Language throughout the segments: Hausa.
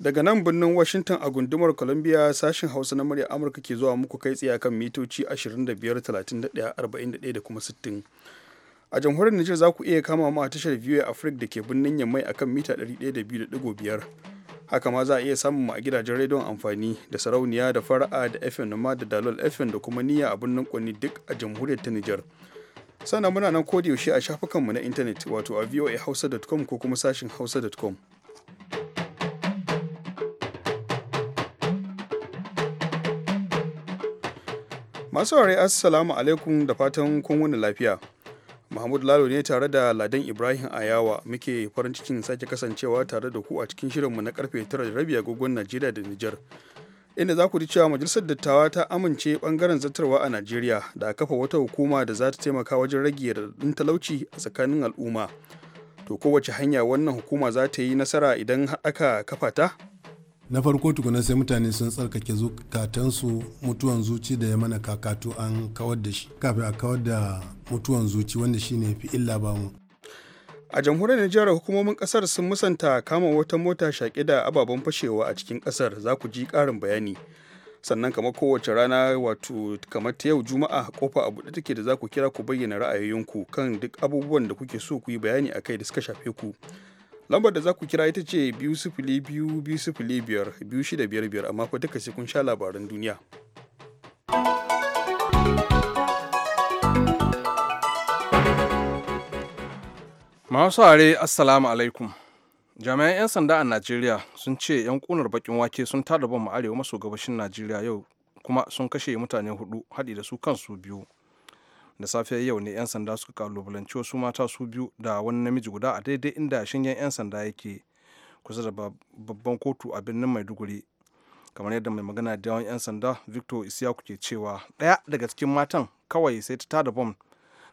daga nan birnin washington a gundumar columbia sashen hausa na murya amurka ke zuwa muku kai tsaye kan mitoci 25 31 41 da kuma 60 a jamhuriyar Nijar za ku iya kama mu a tashar VOA Africa da ke birnin Yammai akan mita 102.5 haka ma za a iya samun mu a gidajen rediyon amfani da sarauniya da fara'a da fm noma da dalol fm da kuma niyya a birnin kwanni duk a jamhuriyar ta nijar sannan muna nan yaushe a shafukanmu na intanet wato a voahausa.com ko kuma sashin hausa.com masu ware assalamu alaikum da fatan kun wani lafiya Mahmud Lalo ne tare da Ladan Ibrahim Ayawa muke farin cikin sake kasancewa tare da ku a cikin shirinmu na karfe 9:30 agogon Najeriya da Nijar. Inda za ku ji cewa Majalisar Dattawa ta amince bangaren zartarwa a Najeriya da a kafa wata hukuma da za ta taimaka wajen rage radadin talauci a tsakanin al'umma. To kowace hanya wannan hukuma za ta yi nasara idan aka kafa ta? na farko tukuna sai mutane sun tsarkake zukatansu mutuwan zuci da ya mana kakatu an kawar da shi kafin a kawar da mutuwan zuci wanda shi shine fi illa ba mu a jamhuriyar nijar hukumomin kasar sun musanta kama wata mota shaƙe da ababen fashewa a cikin kasar za ku ji ƙarin bayani sannan kamar kowace rana wato kamar ta yau juma'a kofa a buɗe take da za ku kira ku bayyana ra'ayoyinku kan duk abubuwan da kuke so ku yi bayani akai da suka shafe ku lambar da za ku kira ita ce biyu sifili biyu biyu sifili biyar biyu shida biyar amma fa duka kun sha labaran duniya. Masu are assalamu alaikum. Jami'an 'yan sanda a Najeriya sun ce 'yan kunar bakin wake sun tada bom arewa maso gabashin Najeriya yau kuma sun kashe mutane hudu haɗi da su kansu biyu. da safiya yau ne 'yan sanda suka kalubalanci wasu mata su biyu da wani namiji guda a daidai inda shingen 'yan sanda yake kusa da babban kotu a birnin maiduguri kamar yadda mai magana da yawan 'yan sanda victor isiyaku ke cewa ɗaya daga cikin matan kawai sai ta tada bom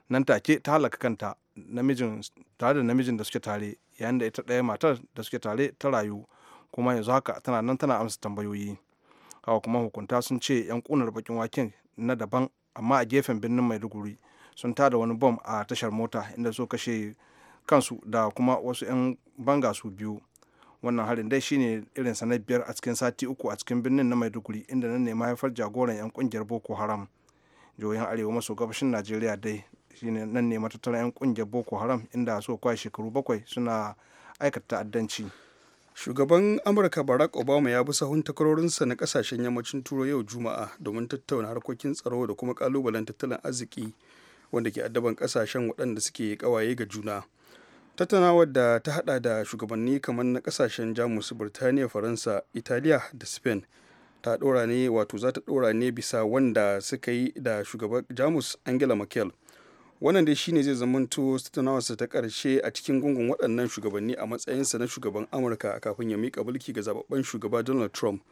nan take ta halaka kanta namijin tare da namijin da suke tare yayin da ita ɗaya matar da suke tare ta rayu kuma yanzu haka tana nan tana amsa tambayoyi haka kuma hukunta sun ce 'yan ƙunar bakin waken na daban amma a gefen birnin maiduguri sun tada wani bom a tashar mota inda su kashe kansu da kuma wasu 'yan banga su biyu wannan harin dai shine irin sana biyar a cikin sati uku a cikin birnin na maiduguri inda nan ne mahaifar jagoran 'yan kungiyar boko haram jihohin arewa maso gabashin najeriya dai shine nan ne matattara 'yan kungiyar boko haram inda suka kwa shekaru bakwai suna aikata ta'addanci. shugaban amurka barack obama ya bi sahun takarorinsa na kasashen yammacin turo yau juma'a domin tattauna harkokin tsaro da kuma kalubalen tattalin arziki wanda ke addaban kasashen waɗanda suke kawaye ga juna tattaunawar da ta hada da shugabanni kamar na kasashen jamus birtaniya faransa italiya da spain ta dora ne wato za ta dora ne bisa wanda suka yi da shugaban jamus angela merkel wannan dai shine zai zamanto tattaunawarsa ta karshe a cikin gungun waɗannan shugabanni a matsayinsa na shugaban amurka kafin ya mika mulki ga zababben shugaba donald trump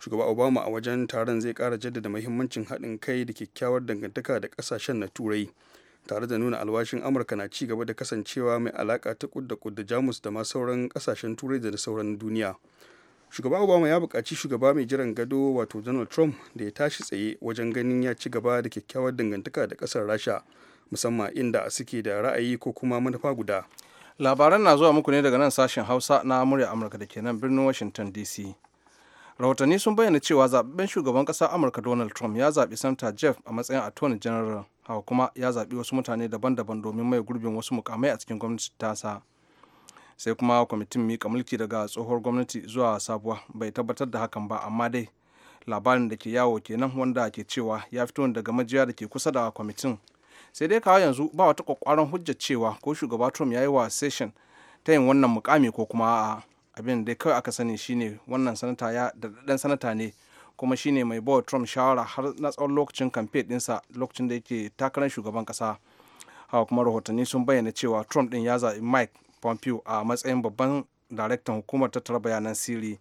shugaba obama a wajen taron zai kara jaddada mahimmancin haɗin kai da kyakkyawar dangantaka da ƙasashen na turai tare da nuna alwashin amurka na ci gaba da kasancewa mai alaka ta kudda kudda jamus da ma sauran kasashen turai da sauran duniya shugaba obama ya buƙaci shugaba mai jiran gado wato donald trump da ya tashi tsaye wajen ganin ya ci gaba da kyakkyawar dangantaka da ƙasar rasha musamman inda suke da ra'ayi ko kuma manufa guda labaran na zuwa muku ne daga nan sashen hausa na murya amurka da ke nan birnin washington dc rahotanni sun bayyana cewa zaɓen shugaban ƙasar amurka donald trump ya zaɓi santa jeff a matsayin attorney general hawa kuma ya zaɓi wasu mutane daban-daban domin mai gurbin wasu mukamai a cikin gwamnati tasa sai kuma kwamitin mika mulki daga tsohuwar gwamnati zuwa sabuwa bai tabbatar da hakan ba amma dai labarin da ke yawo kenan wanda ke cewa ya fito daga majiya da ke kusa da kwamitin sai dai kawo yanzu ba wata kwakwaron hujjar cewa ko shugaba trump ya yi wa session ta yin wannan mukami ko kuma a abin da kawai aka sani shine wannan sanata ya daɗaɗɗen sanata ne kuma shine mai bawa trump shawara har na tsawon lokacin kamfe dinsa lokacin da yake takarar shugaban kasa hawa kuma rahotanni sun bayyana cewa trump din ya zaɓi mike pompeo a matsayin babban daraktan hukumar tattara bayanan siri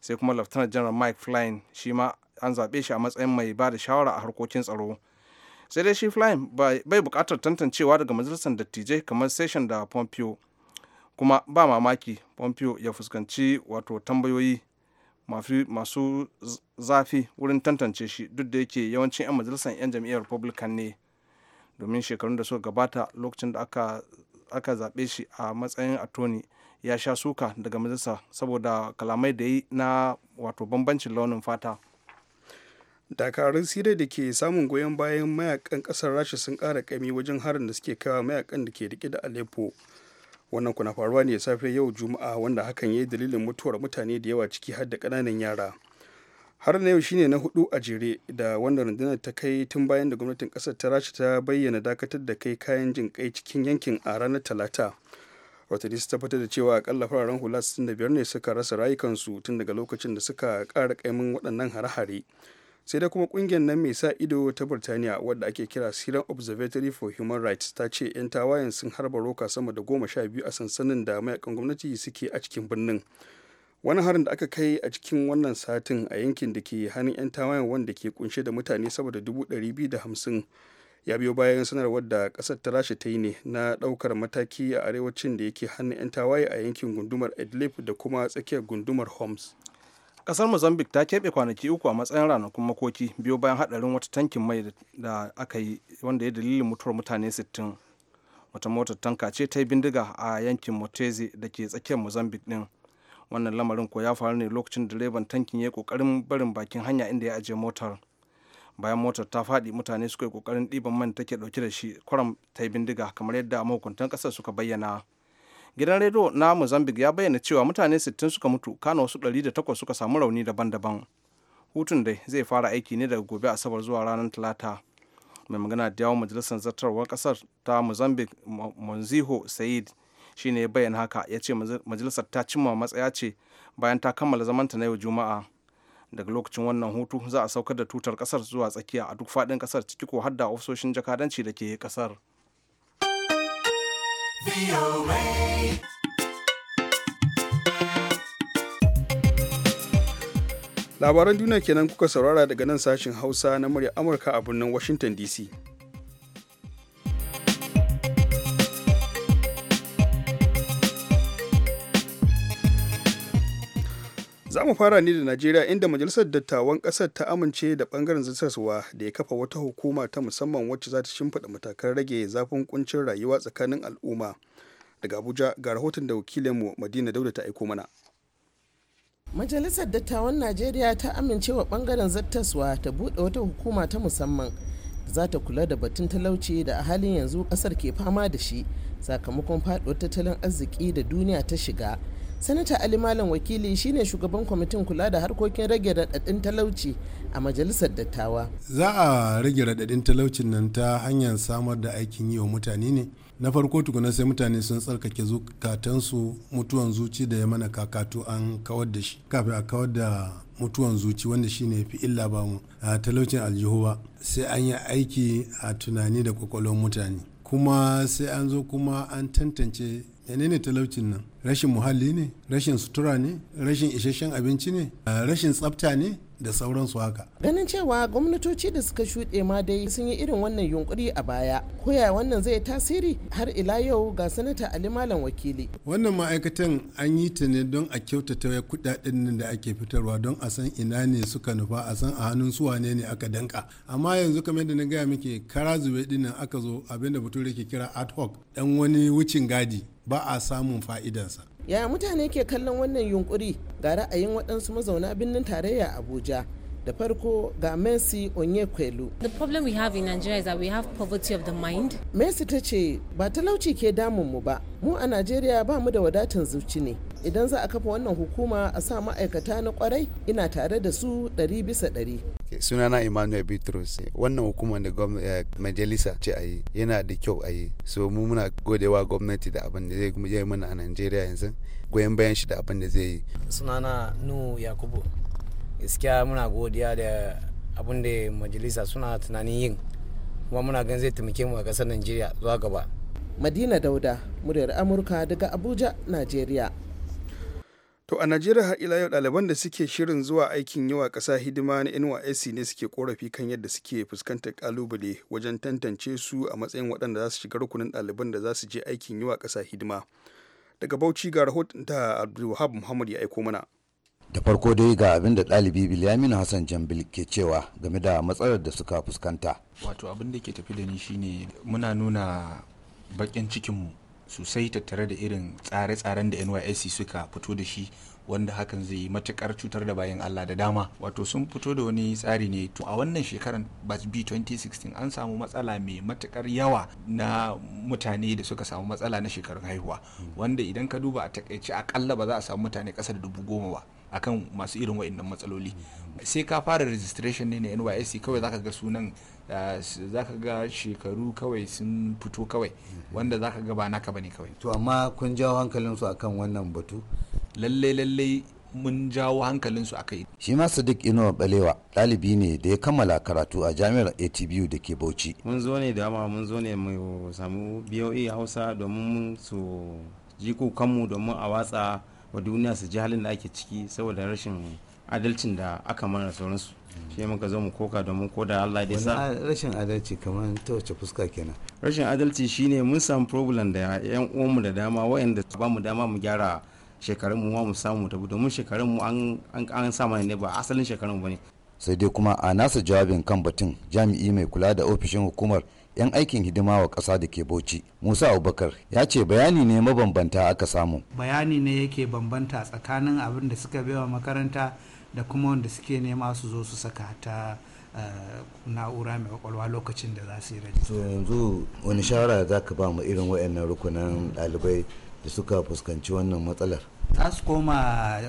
sai kuma lieutenant general mike flynn shi ma an zaɓe shi a matsayin mai ba da shawara a harkokin tsaro sai dai shi flying bai bukatar tantancewa daga majalisar dattijai kamar session da pompeo kuma ba mamaki pompeo ya fuskanci wato tambayoyi masu zafi wurin tantance shi duk da yake yawancin 'yan majalisar 'yan jam'iyyar republican ne domin shekarun da suka gabata lokacin da aka, zaɓe shi a matsayin attorney ya sha suka daga majalisa saboda kalamai da yi na wato bambancin launin fata dakarun siriya da ke samun goyon bayan mayakan kasar rasha sun kara kami wajen harin da suke kawo mayakan da ke rike da aleppo wannan kuna faruwa ne safe yau juma'a wanda hakan ya yi dalilin mutuwar mutane da yawa ciki har da kananan yara har na yau shine na hudu a jere da wanda rundunar ta kai tun bayan da gwamnatin kasar ta rasha ta bayyana dakatar da kai kayan jin kai cikin yankin a ranar talata rotalis ta fitar da cewa akalla fararen hula 65 ne suka rasa rayukansu tun daga lokacin da suka kara kaimin waɗannan hare-hare sai dai kuma kungiyar nan mai sa ido ta birtaniya wadda ake kira syrian observatory for human rights ta ce 'yan tawayen sun harba roka sama da goma sha biyu a sansanin da mayakan gwamnati suke a cikin birnin wani harin da aka kai a cikin wannan satin a yankin da ke hannun 'yan tawayen wanda ke kunshe da mutane sama da dubu hamsin ya biyo bayan sanarwar da kasar ta rasha ta yi ne na daukar mataki a arewacin da yake hannun 'yan tawaye a yankin gundumar idlib da kuma tsakiyar gundumar homs kasar mozambique ta keɓe kwanaki uku a matsayin ranakun makoki biyu bayan hadarin wata tankin mai da aka yi wanda ya dalilin mutuwar mutane 60 wata motar tanka ce ta yi bindiga a yankin motezi da ke tsakiyar mozambique din wannan lamarin ko ya faru ne lokacin direban tankin ya kokarin barin bakin hanya inda ya ajiye motar bayan motar ta faɗi mutane suka yi kokarin ɗiban man take ɗauke da shi kwaram ta yi bindiga kamar yadda mahukuntan ƙasar suka bayyana gidan rediyo na mozambique ya bayyana cewa mutane 60 suka mutu kana wasu 108 suka samu rauni daban-daban hutun dai zai fara aiki ne daga gobe asabar zuwa ranar talata mai magana da yawon majalisar zartarwar kasar ta mozambique monziho said shine ya bayyana haka ya ce majalisar ta cimma matsaya ce bayan ta kammala zamanta na yau juma'a daga lokacin wannan hutu za a saukar da tutar kasar zuwa tsakiya a duk faɗin kasar ciki ko hadda ofisoshin jakadanci da ke kasar Labaran duniya kenan kuka saurara daga nan sashin Hausa na murya Amurka a birnin Washington DC. Za mu fara ne da Najeriya inda Majalisar Dattawan kasar ta amince da bangaren zartaswa da ya kafa wata hukuma ta musamman wacce za ta shimfiɗa matakan rage zafin kuncin rayuwa tsakanin al'umma. Daga Abuja ga rahoton da wakilinmu Madina Dauda ta aiko mana. Majalisar Dattawan Najeriya ta amince wa bangaren zartaswa ta buɗe wata hukuma ta musamman za ta kula da batun talauci da a halin yanzu ƙasar ke fama da shi sakamakon faɗuwar tattalin arziki da duniya ta shiga. sanata ali malam wakili shine shugaban kwamitin kula da harkokin rage radadin talauci a majalisar dattawa za a rage radadin talaucin nan ta hanyar samar da aikin yi wa mutane ne na farko tukuna sai mutane sun tsarkake zukatansu mutuwan zuci da ya mana kakatu an kawar da shi kafin a kawar da mutuwan zuci wanda shi shine fi illa ba mu a talaucin aljihuwa sai an yi aiki a tunani da kwakwalwar mutane kuma sai an zo kuma an tantance ne talaucin nan rashin muhalli ne rashin sutura ne rashin isasshen abinci ne ah, rashin tsafta ne da sauransu haka. Ganin cewa gwamnatoci da suka shuɗe ma dai sun yi irin wannan yunkuri a baya. ko yaya wannan zai tasiri har ila yau ga sanata Ali Malam wakili. Wannan ma'aikatan an yi ta ne don a kyautata kuɗaɗen nan da ake fitarwa don a san ina ne suka nufa a san a hannun su wane ne aka danka. Amma yanzu kamar yadda na gaya miki kara zube dinnan aka zo abinda bature ke kira ad hoc dan wani wucin gadi. ba a samun fa'idansa yaya mutane ke kallon wannan yunkuri ga ra'ayin waɗansu mazauna birnin tarayya abuja da farko ga Mercy Onyekwelu. The problem we have in Nigeria is that we have poverty of the mind. Mercy ta ce ba talauci ke damun mu ba, mu a Najeriya ba mu da wadatan zuci ne. Idan za a kafa wannan hukuma a sa ma'aikata na kwarai ina tare da su ɗari bisa ɗari. sunana Emmanuel Bitrus wannan hukumar da eh, majalisa ce a yi yana da kyau a yi so mu muna godewa gwamnati da abin da zai yi mana a Najeriya yanzu goyon bayan shi da abin da zai yi. Sunana Nuhu Yakubu gaskiya muna godiya da abin da majalisa suna tunanin yin kuma muna gan zai taimake mu a ƙasar najeriya zuwa gaba madina dauda muryar amurka daga abuja najeriya to a najeriya har ila yau ɗaliban da suke shirin zuwa aikin yawa ƙasa hidima na nysc ne suke korafi kan yadda suke fuskantar kalubale wajen tantance su a matsayin waɗanda za su shiga rukunin ɗaliban da za su je aikin yawa ƙasa hidima daga bauchi ga rahoton ta abdulwahab muhammad ya aiko mana da farko dai ga abin da ɗalibi bilyamin hassan jambil ke cewa game da matsalar da suka fuskanta wato abin da ke tafi da ni shine muna nuna bakin cikinmu sosai tattare da irin tsare-tsaren da nysc suka fito da shi wanda hakan zai yi matukar cutar da bayan Allah da dama wato sun fito da wani tsari ne to a wannan shekaran batch B 2016 an samu matsala mai matukar yawa na mutane da suka samu matsala na shekarun haihuwa wanda idan ka duba a takaice akalla ba za a samu mutane kasa da dubu goma ba akan masu irin waɗannan matsaloli sai ka fara registration ne na nysc kawai zaka ga sunan eh, zaka ga shekaru kawai sun fito kawai wanda zaka ga ba naka bane kawai to amma kun jawo hankalin su akan wannan batu lallai lallai mun jawo hankalinsu a kai. Shi ma Sadiq Inuwa Balewa ɗalibi ne da ya kammala karatu a jami'ar ATBU da ke Bauchi. Mun zo ne dama mun zo ne mu samu BOE Hausa domin su ji kanmu domin a watsa wa duniya su ji halin da ake ciki saboda rashin adalcin da aka mana sauransu. Shi muka zo mu koka domin ko da Allah ya sa. Rashin adalci kamar ta wace fuska kenan. Rashin adalci shine mun samu problem da 'yan uwanmu da dama wayanda ba mu dama mu gyara shekarun mu mu samu mu tafi domin shekarun mu an sa ne ba asalin shekarun mu ne. sai dai kuma a nasa jawabin kan batun jami'i mai kula da ofishin hukumar 'yan aikin hidima wa ƙasa da ke bauchi musa abubakar ya ce bayani ne mabambanta aka samu bayani ne yake bambanta tsakanin abin da suka baiwa makaranta da kuma wanda suke nema su zo su saka ta eh, na'ura mai kwakwalwa lokacin da za su yi rajista yanzu wani shawara za ka ba mu irin waɗannan rukunan ɗalibai da suka fuskanci wannan matsalar za su koma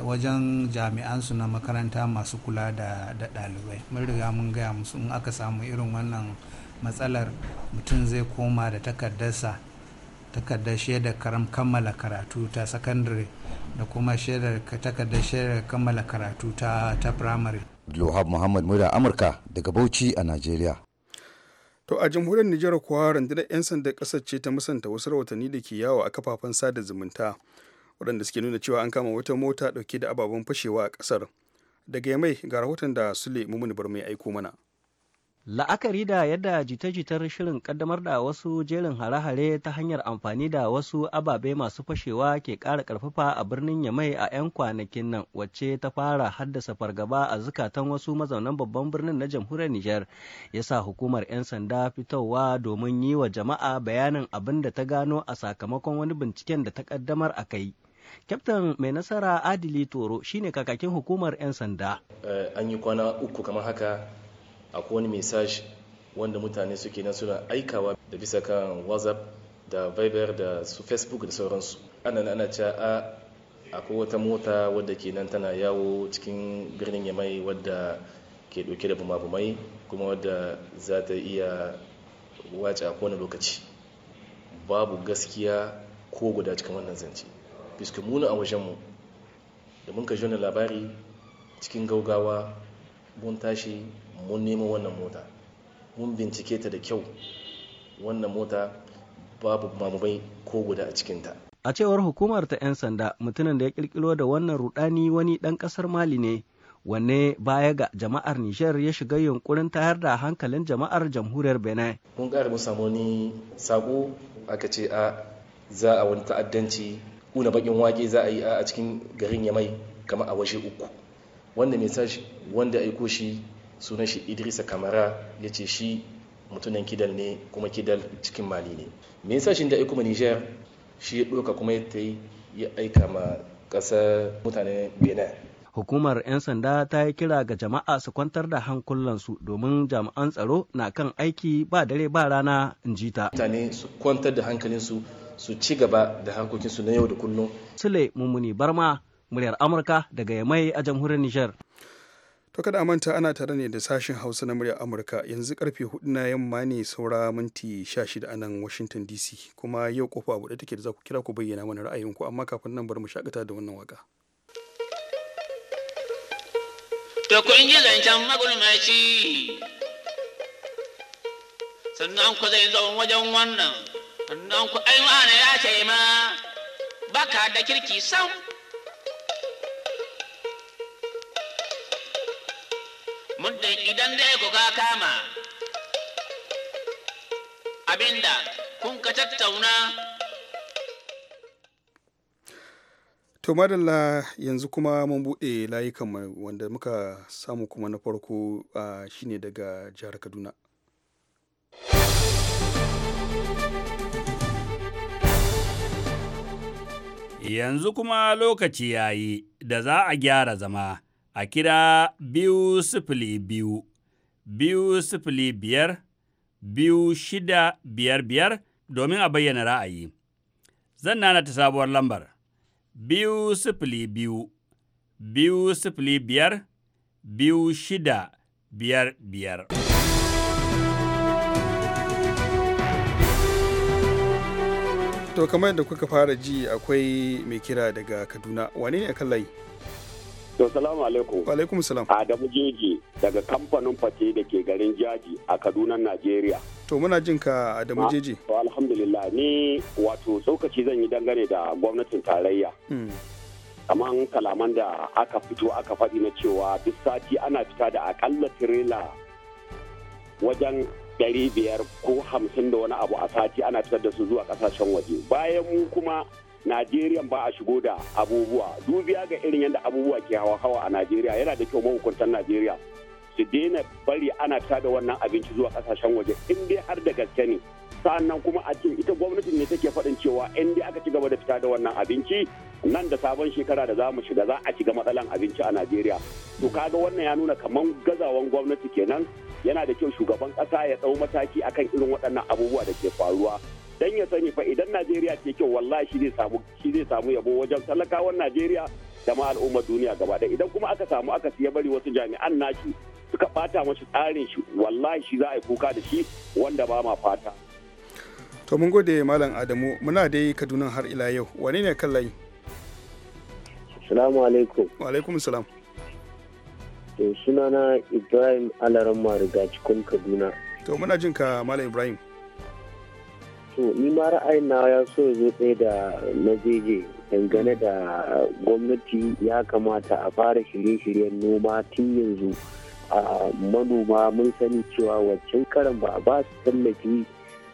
wajen jami'ansu na makaranta masu kula da ɗalibai mun riga mun gaya musu in aka samu irin wannan matsalar mutum zai koma da takardarsa takardar shaidar karam kammala karatu ta sakandare da kuma shaidar takardar shaidar kammala karatu ta ta primary. Lohab Muhammad Muda Amurka daga Bauchi a Najeriya. To a jamhuriyar Nijar kuwa rundunar 'yan sanda ƙasar ce ta musanta wasu rahotanni da ke yawo a kafafen sada zumunta waɗanda suke nuna cewa an kama wata mota ɗauke da ababen fashewa a ƙasar. Daga mai ga rahoton da Sule Mumuni Barmai aiko mana. La'akari da yadda jita-jitar shirin kaddamar da wasu jerin hare-hare ta hanyar amfani da wasu ababe masu fashewa ke ƙara ƙarfafa a birnin Yamai a 'yan kwanakin nan wacce ta fara haddasa fargaba a zukatan wasu mazaunan babban birnin na jamhuriyar Nijar ya sa hukumar 'yan sanda fitowa domin yi wa jama'a bayanin abin da ta gano a sakamakon wani binciken da ta kaddamar a kai. kyaftan mai nasara adili toro shine kakakin hukumar 'yan sanda eh, an yi kwana uku kamar haka akwai wani message wanda mutane suke nan suna aikawa da bisa kan whatsapp da viber da su facebook da sauransu ana ana cewa a akwai wata mota wadda ke nan tana yawo cikin birnin yamai wadda ke dauke da bumabumai kuma wadda za ta iya wace a kowane lokaci babu gaskiya ko guda cikin wannan zance biskin muna a wajenmu da mun ka jona labari cikin gaugawa mun tashi mun nemo wannan mota mun bincike ta da kyau wannan mota babu mamubai ko guda a cikinta a cewar hukumar ta 'yan sanda mutumin da ya kirkiro da wannan rudani wani dan kasar mali ne wanne baya ga jama'ar Nijar ya shiga yunkurin tayar da hankalin jama'ar jamhuriyar Benin. Mun kare mun samu wani sako aka ce a za a wani ta'addanci kuna bakin wake za a yi a cikin garin Yamai kamar a waje uku. wanda shi wanda aiko shi sunan shi idrisa kamara ya ce shi mutunan kidal ne kuma kidal cikin mali ne shi da aiko ma niger shi ya ɗoka kuma ya ta ya aika ma ƙasar mutane benin hukumar 'yan sanda ta yi kira ga jama'a su kwantar da hankulansu domin jami'an tsaro na kan aiki ba dare ba rana in ji ta mutane su kwantar da hankalinsu su ci gaba da harkokinsu na yau da kullum sule mummuni barma muryar amurka daga yamai a jamhuriyar nijar to kada manta ana tare ne da sashen hausa na muryar amurka yanzu karfe hudu na yamma ne saura minti 16 a nan washington dc kuma yau kofa buɗe take da za kira ku bayyana mana ra'ayinku amma kafin nan bari mu shakata da wannan waka to kun ji zancen magulmaci sannan ku zai zo wajen wannan sannan ku ai ya ce ma baka da kirki sam muddin idan dai ku ka kama abinda kun ka tattauna to madalla yanzu kuma mun buɗe layukan wanda muka samu kuma na farko shine daga jihar kaduna yanzu kuma lokaci ya yi da za a gyara zama a kira biyu sifili biyu, biyu sifili biyar, biyu shida biyar biyar domin a bayyana ra'ayi. Zan nana ta sabuwar lambar, biyu sifili biyu, biyu sifili biyar, biyu shida biyar biyar. To kamar yadda kuka fara ji akwai mai kira daga Kaduna, wane ne a To salamu alaikum. Wa alaikum salam. Adamu Jeji daga kamfanin fate da ke garin Jaji a Kaduna Najeriya. To muna jin ka Adamu ah, Jeji. To alhamdulillah ni wato tsokaci zan yi dangane da gwamnatin tarayya. Hmm. Kaman kalaman da aka fito aka faɗi na cewa duk sati ana fita da akalla tirela wajen ɗari biyar ko hamsin da wani abu a sati ana fitar da su zuwa ƙasashen waje. Bayan mu kuma Najeriya ba a shigo da abubuwa dubiya ga irin yadda abubuwa ke hawa hawa a Najeriya yana da kyau mahukuntan Najeriya su daina bari ana da wannan abinci zuwa kasashen waje in dai har da gaske ne sannan kuma a ce ita gwamnatin ne take faɗin cewa in dai aka ci gaba da fita da wannan abinci nan da sabon shekara da za mu shiga za a shiga matsalan abinci a Najeriya to kaga wannan ya nuna kaman gazawan gwamnati kenan yana da kyau shugaban kasa ya ɗau mataki akan irin waɗannan abubuwa da ke faruwa dan ya sani fa idan Najeriya ke kyau wallahi shi zai samu shi zai samu yabo wajen talakawan Najeriya da ma al'ummar duniya gaba ɗaya idan kuma aka samu aka siya bari wasu jami'an nashi suka bata mashi tsarin shi wallahi shi za a yi kuka da shi wanda ba ma fata to mun gode malam Adamu muna dai Kaduna har ila yau wane ne kan layi Assalamu alaikum wa alaikum salam to sunana Ibrahim Alaramma riga cikin Kaduna to muna jin ka malam Ibrahim so ni ma ra'ayin na ya so ya zo tsaye da na jeje dangane da gwamnati ya kamata a fara shirye-shiryen noma tun yanzu a manoma mun sani cewa waccan karan ba a ba su tallafi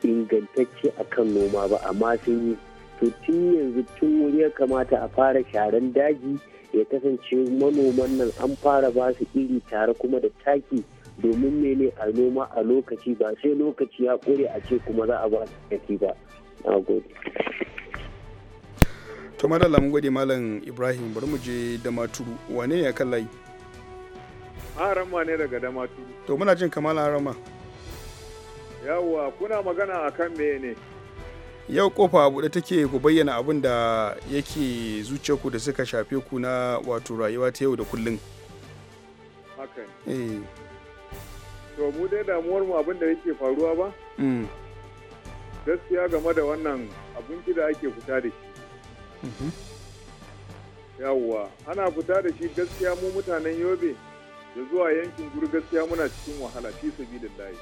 ingantacce akan noma ba amma sun yi to tun yanzu tun wuri ya kamata a fara sharan daji ya kasance manoman nan an fara ba su iri tare kuma da taki domin mene a noma a lokaci ba sai lokaci ya kore a ce kuma za a ba kaki ba na gode to madalla mun gode malam ibrahim bari mu je damaturu wane ya kan layi harama ne daga damaturu to muna jin kamala harama yawwa kuna magana kan me ne yau kofa buɗe take ku bayyana abin da yake zuciyarku da suka shafe ku na wato rayuwa ta yau da kullum hakan eh to mu dai damuwar mu abin da yake faruwa ba mm. gaskiya game da wannan abinci da ake fita da shi mm-hmm. yawwa ana fita da shi gaskiya mu mutanen yobe da zuwa yankin guri gaskiya muna cikin wahala fi sabilillahi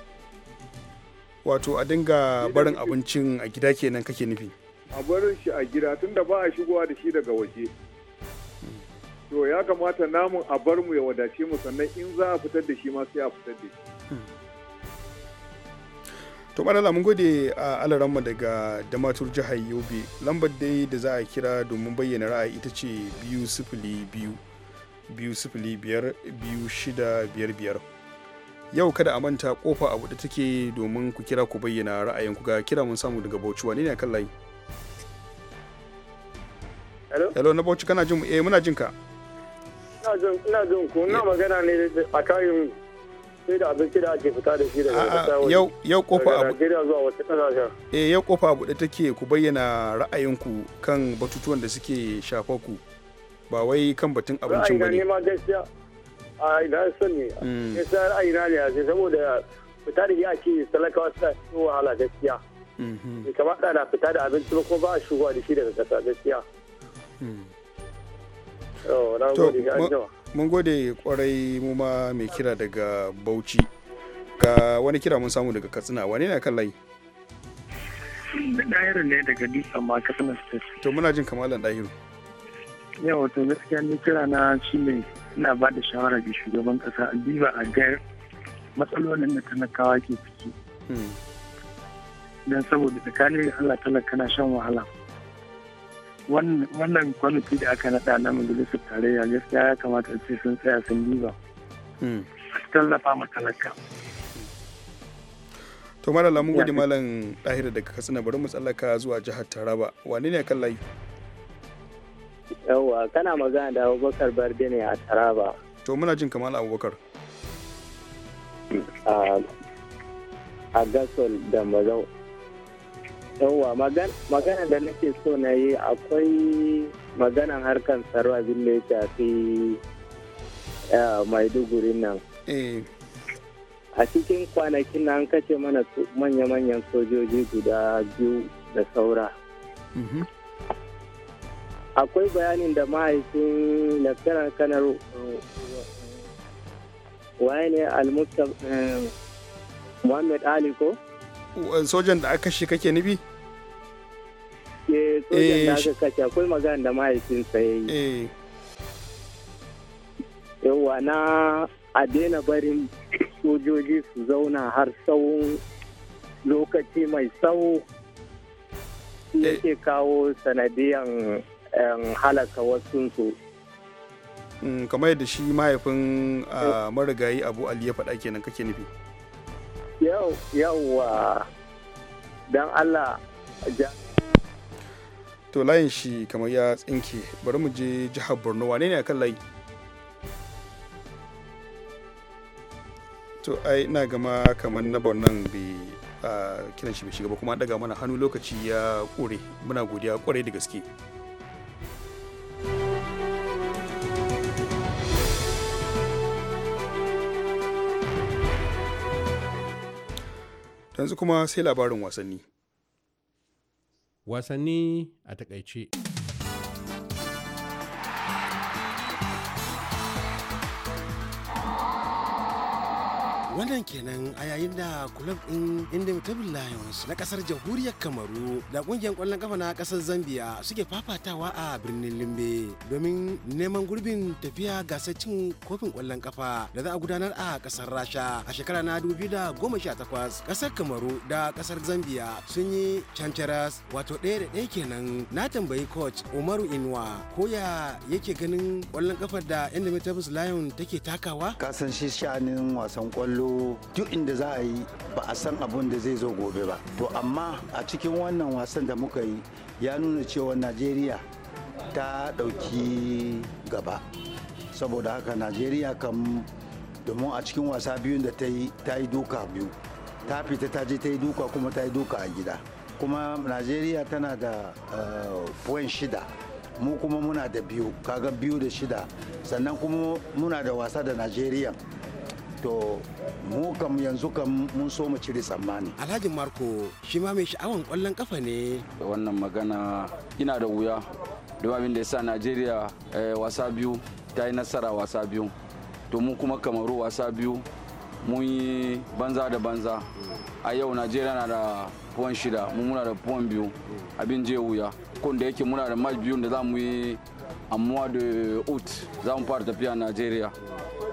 wato a dinga barin abincin a gida kenan kake nufi a barin shi a gida tunda ba a shigowa da shi daga waje mm. to ya kamata namun a bar mu ya wadace mu sannan in za a fitar da shi ma sai a fitar da shi to madalla mun gode a alaranmu daga damatur jihar yobe lambar dai da za a kira domin bayyana ra'ayi ita ce biyu sifili biyu biyu sifili biyar biyu shida biyar biyar yau kada a manta kofa a buɗe take domin ku kira ku bayyana ku ga kira mun samu daga bauchi wani ne a layi hello na bauchi kana jin mu eh muna jin ka ina jin ku ina eh. magana ne a kayan sai da abinci da ake fita da shi daga yau yau kofa abu Najeriya zuwa wata eh yau kofa take ku bayyana ra'ayinku kan batutuwan da suke shafa ku ba wai kan batun abincin bane ra'ayi ma gaskiya a ina sani hmm. gaskiya ra'ayi na ne a saboda fita da ya ce talakawa suna cikin wahala gaskiya mhm. bai da na fita da abinci ba kuma ba a shigowa da shi daga kasa gaskiya hmm. oh, to mun gode kwarai mu ma mai kira daga bauchi ga wani kira mun samu daga katsina wane ne kan layi ne daga ma katsina state to muna jin kamalan ɗahiru yau to gaskiya ni kira na shi ne ina ba da shawara ga shugaban kasa a a gayar matsalolin da talakawa ke ciki hmm. don saboda tsakanin Allah talaka na shan wahala wannan kwamiti da aka naɗa na majalisar tarayya gaskiya ya kamata a ce sun tsaya sun duba. diba hmm. tallafa ma talaka to malala mun gudi malam ɗahira daga katsina bari mu tsallaka zuwa jihar taraba wani ne kan layi yawwa kana magana da abubakar barde ne a taraba to muna jin kamar abubakar a gasol da mazau yawwa magana da nake so na yi akwai maganan harkan tsaro abin da ya shafi maiduguri nan eh. a cikin kwanakin an kashe mana manya-manyan sojoji guda biyu da saura mm-hmm. akwai bayanin da mahaifin laftaran kanar waye ne al-muhammad eh, ali ko? sojan da aka shi kake nufi? Eh, sojan da eh, aka kashe akwai magana da mahaifinsa ya yi. Eh. Yawwa na a daina barin sojoji su zauna har tsawon lokaci mai tsawo eh. ke kawo sanadiyan halaka wasunsu. Mm, kamar yadda shi mahaifin ah, marigayi abu ali ya faɗa kenan kake nufi. yawwa don allah to layin shi kamar ya tsinke bari mu je jihar borno wane ne akan layi to ai ina gama kamar na bi a ah, kiran shi bai shiga ba kuma daga mana hannu lokaci ya kure muna godiya kwarai da gaske yanzu kuma sai labarin wasanni wasanni a takaice wannan kenan a yayin da kulab din indomitable lions na kasar jamhuriyar kamaru da kungiyar kwallon kafa na kasar zambia suke fafatawa a birnin limbe domin neman gurbin tafiya gasar cin kofin kwallon kafa da za a gudanar a kasar rasha a shekara na 2018 kasar kamaru da kasar zambia sun yi chancharas wato ɗaya da ɗaya kenan na tambayi coach umaru inuwa koya yake ganin kwallon kafar da indomitable lions take takawa kasan shi sha'anin wasan kwallo to duk inda za a yi ba a san abin da zai zo gobe ba to amma a cikin wannan wasan da muka yi ya nuna cewa najeriya ta ɗauki gaba saboda haka najeriya kan domin a cikin wasa biyun da ta yi ta yi duka biyu ta fita ta je ta yi duka kuma ta yi duka a gida kuma najeriya tana da eh, point shida mu kuma muna da biyu kaga biyu da shida sannan kuma muna da wasa da najeriya to mu kam yanzu kam mun so mu cire tsammani alhaji marko shi ma mai sha'awan kwallon kafa ne wannan magana ina da wuya domin abin da ya sa najeriya eh, wasa biyu ta yi nasara wasa biyu to mu kuma kamaru wasa biyu mun yi banza da banza a yau najeriya na da puwan shida mun muna da puwan biyu abin je wuya kun da yake muna da match biyu da za mu yi en mois de août za mu fara tafiya Najeriya.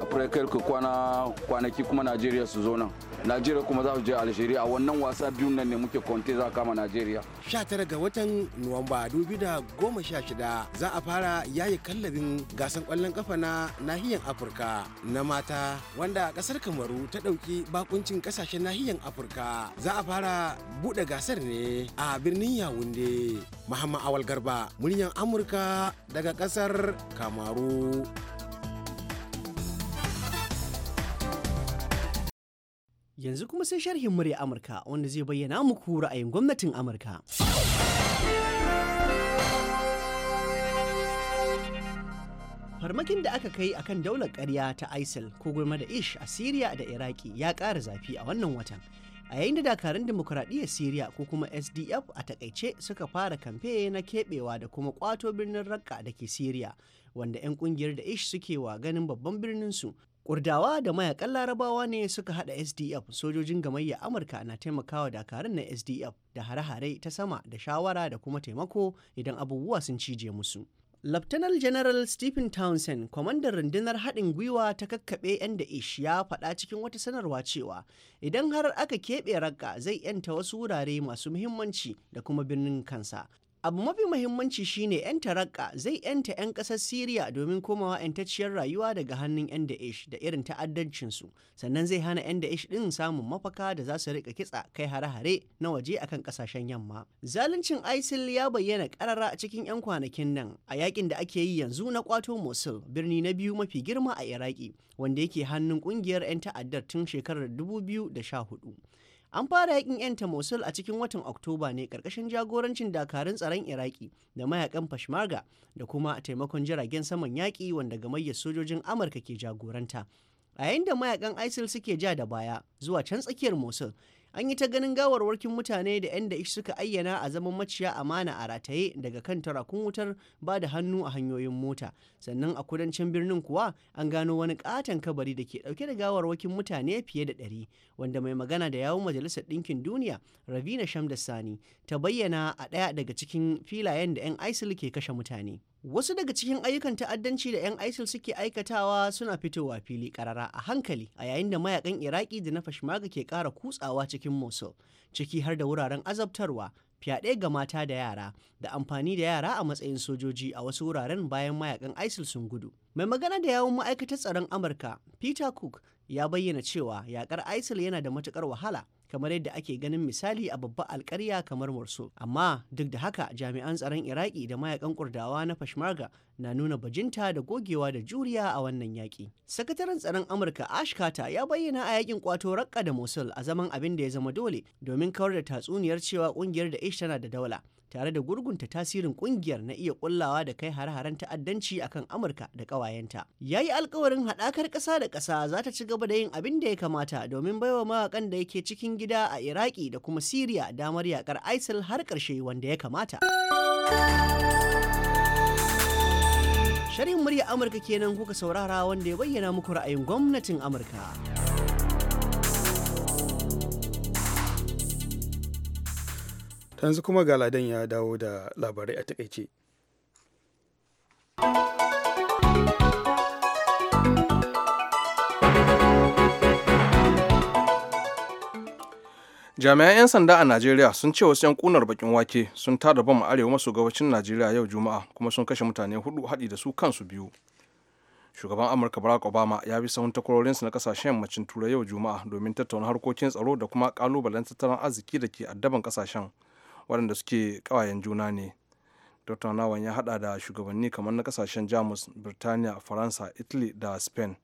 Après quelques kwana kwanaki kuma Najeriya su zo nan. najeriya kuma za su je algeria a wannan wasa biyun nan ne muke konte za kama najeriya 19 ga watan nuwamba 2016 za a fara yayi kallabin gasan kwallon kafa na nahiyar afirka na mata wanda kasar kamaru ta dauki bakuncin kasashen nahiyar afirka za a fara bude gasar ne a birnin yawunde muhammad awal garba muryan amurka daga kasar kamaru Yanzu kuma sai sharhin murya Amurka wanda zai bayyana muku ra'ayin gwamnatin Amurka. Farmakin da aka kai akan daular ƙarya ta ISIL ko gulma da Ish a Siriya da Iraki ya ƙara zafi a wannan watan. a yayin da dakarun demokuraɗiyyar siriya ko kuma sdf a takaice suka fara kamfe na keɓewa da kuma ƙwato birnin rakka da ke siriya wanda 'yan ƙungiyar da ish suke wa ganin babban birnin su Kurdawa da mayakan larabawa ne suka hada SDF sojojin gamayya Amurka na taimakawa dakarun na SDF da hare-hare ta sama da shawara da kuma taimako idan abubuwa sun cije musu. Laftanar General Stephen Townsend, kwamandan rundunar haɗin gwiwa ta kakkaɓe 'yan da ish ya faɗa cikin wata sanarwa cewa idan har aka keɓe raƙa zai 'yanta wasu wurare masu muhimmanci da kuma birnin kansa abu mafi mahimmanci shine 'yan tarakka zai 'yanta 'yan ƙasar siriya domin komawa 'yantacciyar rayuwa daga hannun 'yan da'ish da irin ta'addancinsu sannan zai hana 'yan da'ish ɗin samun mafaka da za su rika kitsa kai hare-hare na waje akan ƙasashen yamma zaluncin isil ya bayyana ƙarara a cikin 'yan kwanakin nan a yakin da ake yi yanzu na kwato mosul birni na biyu mafi girma a iraki wanda yake hannun ƙungiyar 'yan ta'addar tun shekarar 2014 An fara yakin 'yanta Mosul a cikin watan Oktoba ne karkashin jagorancin dakarun tsaron Iraki da mayakan Peshmerga da kuma taimakon jiragen saman yaƙi wanda gamayyar sojojin Amurka ke jagoranta. A yayin da mayakan ISIL suke ja da baya zuwa can tsakiyar Mosul, an yi ta ganin gawarwarkin mutane da 'yan da suka ayyana a zaman maciya amana a rataye daga kan tarakun wutar ba da hannu a hanyoyin mota sannan a kudancin birnin kuwa an gano wani katon kabari da ke dauke da gawarwakin mutane fiye da ɗari wanda mai magana da yawun majalisar ɗinkin duniya ravina shamdasani ta bayyana a ɗaya daga cikin filayen da 'yan isil ke kashe mutane Wasu daga cikin ayyukan ta'addanci da 'yan ISIL suke aikatawa suna fitowa fili karara a hankali a yayin da mayakan Iraki da na Fashmaga ke ƙara kutsawa cikin Mosul, ciki har da wuraren azabtarwa, fyaɗe ga mata da yara, da amfani da yara a matsayin sojoji a wasu wuraren bayan mayakan ISIL sun gudu. Mai magana da yawun ma'aikatar tsaron Amurka, Peter Cook, ya bayyana cewa yakar ISIL yana da matukar wahala. kamar yadda ake ganin misali a babbar alkarya kamar Morso. Amma duk da haka jami'an tsaron Iraki da mayakan Kurdawa na Peshmerga na nuna bajinta da gogewa da juriya a wannan yaƙi. Sakataren tsaron Amurka Ash Carter ya bayyana a yaƙin kwato raƙa da Mosul a zaman abin da ya zama dole domin kawar da tatsuniyar cewa kungiyar da Ish tana da daula. tare da gurgunta tasirin kungiyar na iya kullawa da kai hare-haren ta'addanci akan Amurka da ƙawayenta. Ya yi alkawarin haɗakar ƙasa da ƙasa za ta ci gaba da yin abin da ya kamata domin baiwa mawakan da yake cikin gida a Iraki da kuma Siriya damar yaƙar ISIL har ƙarshe wanda ya kamata. Sharhin murya Amurka kenan kuka saurara wanda ya bayyana muku ra'ayin gwamnatin Amurka. yanzu kuma ga ladan ya dawo da labarai a takaice jami'an 'yan sanda a najeriya sun ce wasu 'yan kunar bakin wake sun tada bam arewa maso gabacin najeriya yau juma'a kuma sun kashe mutane hudu haɗi da su kansu biyu shugaban amurka barack obama ya bi sahun takwarorinsu na kasashen yammacin turai yau juma'a domin tattauna harkokin tsaro da kuma kalubalen tattalin arziki da ke addaban kasashen waɗanda suke ƙawayen juna ne dr. nawan ya haɗa da shugabanni kamar na kasashen jamus birtaniya faransa italy da spain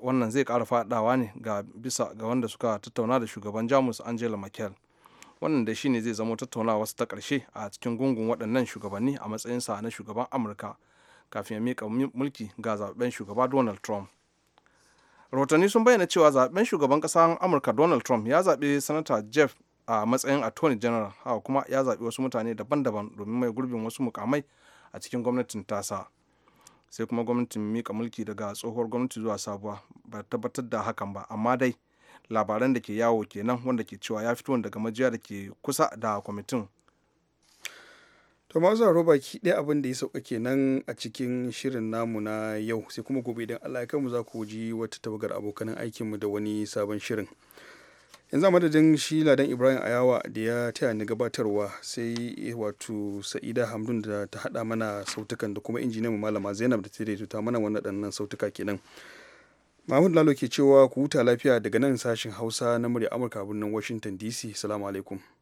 wannan zai kara fadawa ne ga bisa ga wanda suka tattauna da shugaban jamus angela merkel wannan da shine zai zama tattauna wasu ta karshe a cikin gungun waɗannan shugabanni a matsayinsa na shugaban amurka kafin ya mika mulki ga zaben shugaba donald trump rahotanni sun bayyana cewa zaben shugaban ƙasar amurka donald trump ya zaɓi sanata jeff a matsayin attorney general haka kuma ya zaɓi wasu mutane daban-daban domin mai gurbin wasu mukamai a cikin gwamnatin tasa sai kuma gwamnatin mika mulki daga tsohuwar gwamnati zuwa sabuwa ba tabbatar da hakan ba amma dai labaran da ke yawo kenan wanda ke cewa ya fito daga majiya da ke kusa da kwamitin to masu baki ɗaya abin da ya sauka kenan a cikin shirin namu na yau sai kuma gobe idan allah ya kai mu za ku ji wata tabagar abokanan aikinmu da wani sabon shirin yanzu a madadin shi ladan ibrahim ayawa da ya taya ni gabatarwa sai eh, wato sa'ida hamdun da ta hada mana sautukan da kuma injiniyan malama zainab da ta daidaita mana wannan ɗannan sautuka kenan mahmud lalo ke cewa ku huta lafiya daga nan sashin hausa na murya amurka birnin washington dc salamu alaikum